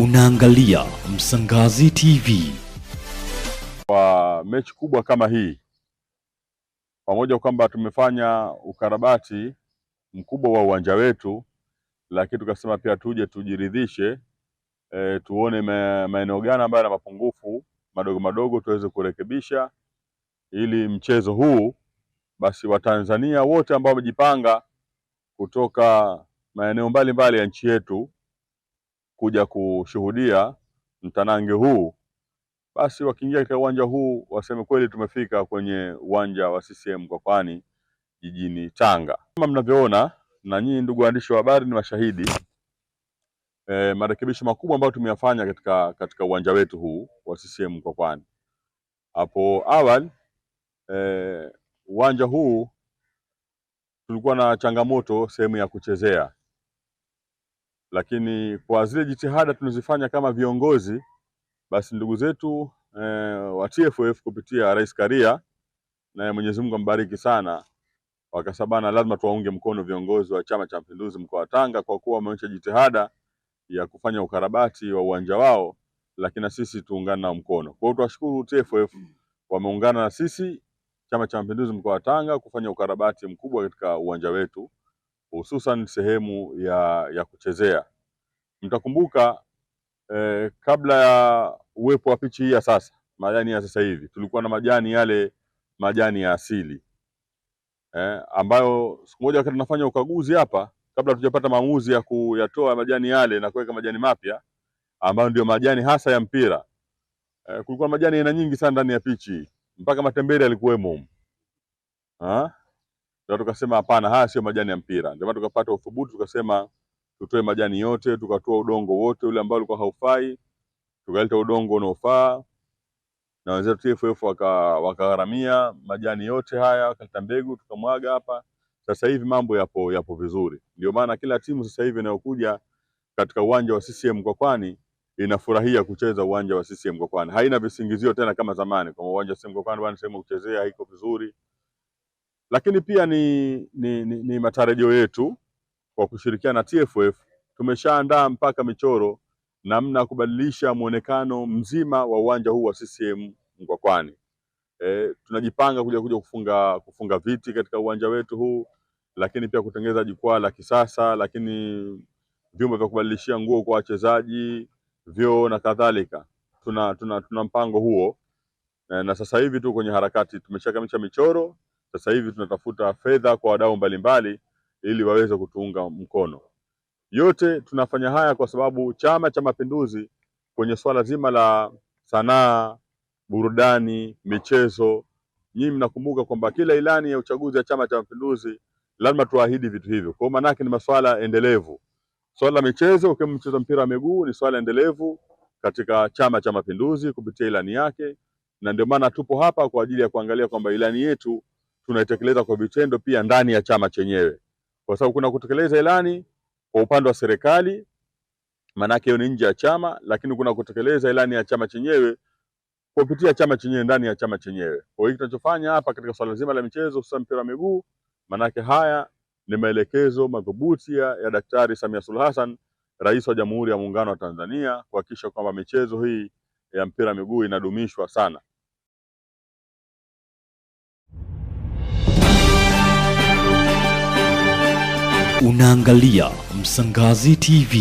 Unaangalia Msangazi TV. Kwa mechi kubwa kama hii, pamoja kwamba tumefanya ukarabati mkubwa wa uwanja wetu, lakini tukasema pia tuje tujiridhishe, e, tuone maeneo gani ambayo yana mapungufu madogo madogo tuweze kurekebisha, ili mchezo huu basi Watanzania wote ambao wamejipanga kutoka maeneo mbalimbali ya nchi yetu kuja kushuhudia mtanange huu, basi wakiingia katika uwanja huu waseme kweli tumefika kwenye uwanja wa CCM Mkwakwani jijini Tanga. Kama mnavyoona na nyinyi ndugu waandishi wa habari ni mashahidi e, marekebisho makubwa ambayo tumeyafanya katika katika uwanja wetu huu wa CCM Mkwakwani. Hapo awali eh, uwanja huu tulikuwa na changamoto sehemu ya kuchezea lakini kwa zile jitihada tunazifanya kama viongozi, basi ndugu zetu e, wa TFF kupitia Rais Karia, na Mwenyezi Mungu ambariki sana, wakasabana lazima tuwaunge mkono viongozi wa Chama cha Mapinduzi mkoa wa Tanga kwa kuwa wameonyesha jitihada ya kufanya ukarabati wa uwanja wao, lakini na sisi tuungane nao mkono. Kwa hiyo tuwashukuru TFF, wameungana na sisi Chama cha Mapinduzi mkoa wa Tanga kufanya ukarabati mkubwa katika uwanja wetu hususan sehemu ya, ya kuchezea. Mtakumbuka eh, kabla ya uwepo wa pichi hii ya sasa, majani ya sasa hivi tulikuwa na majani yale majani ya asili eh, ambayo siku moja wakati tunafanya ukaguzi hapa, kabla tujapata maamuzi ya kuyatoa majani yale na kuweka majani mapya ambayo ndio majani hasa ya mpira eh, kulikuwa majani aina nyingi sana ndani ya pichi, mpaka matembele yalikuwemo. Sasa tukasema hapana, haya sio majani ya mpira. Ndio maana tukapata uthubutu tukasema tutoe majani yote, tukatoa udongo wote ule ambao ulikuwa haufai, tukaleta udongo unaofaa, na wenzetu TFF wakagharamia waka majani yote haya, wakaleta mbegu tukamwaga hapa. Sasa hivi mambo yapo yapo vizuri, ndio maana kila timu sasa hivi inayokuja katika uwanja wa CCM Mkwakwani inafurahia kucheza uwanja wa CCM Mkwakwani. Haina visingizio tena kama zamani, kwa uwanja wa CCM Mkwakwani bwana, sehemu kuchezea haiko vizuri lakini pia ni, ni, ni, ni matarajio yetu kwa kushirikiana na TFF tumeshaandaa mpaka michoro namna ya kubadilisha muonekano mzima wa uwanja huu wa CCM Mkwakwani. E, tunajipanga kuja kuja kufunga, kufunga viti katika uwanja wetu huu, lakini pia kutengeneza jukwaa la kisasa, lakini vyumba vya kubadilishia nguo kwa wachezaji, vyoo na kadhalika. Tuna, tuna, tuna mpango huo e, na sasa hivi tu kwenye harakati, tumeshakamisha michoro sasa hivi tunatafuta fedha kwa wadau mbalimbali ili waweze kutuunga mkono. Yote tunafanya haya kwa sababu Chama cha Mapinduzi kwenye swala zima la sanaa, burudani, michezo, nyinyi mnakumbuka kwamba kila ilani ya uchaguzi ya Chama cha Mapinduzi lazima tuahidi vitu hivyo. Kwa maanake ni masuala endelevu. Swala la michezo, ukiwa mchezo mpira wa miguu ni swala endelevu katika Chama cha Mapinduzi kupitia ilani yake, na ndio maana tupo hapa kwa ajili ya kuangalia kwamba ilani yetu tunaitekeleza kwa vitendo pia ndani ya chama chenyewe, kwa sababu kuna kutekeleza ilani kwa upande wa serikali, maanake hiyo ni nje ya chama, lakini kuna kutekeleza ilani ya chama chenyewe kupitia chama chenyewe ndani ya chama chenyewe. Kwa hiyo tunachofanya hapa katika swala zima la michezo, hususan mpira wa miguu, maanake haya ni maelekezo madhubuti ya Daktari Samia Suluhu Hassan, Rais wa Jamhuri ya Muungano wa Tanzania, kuhakikisha kwamba michezo hii ya mpira wa miguu inadumishwa sana. Unaangalia Msangazi TV.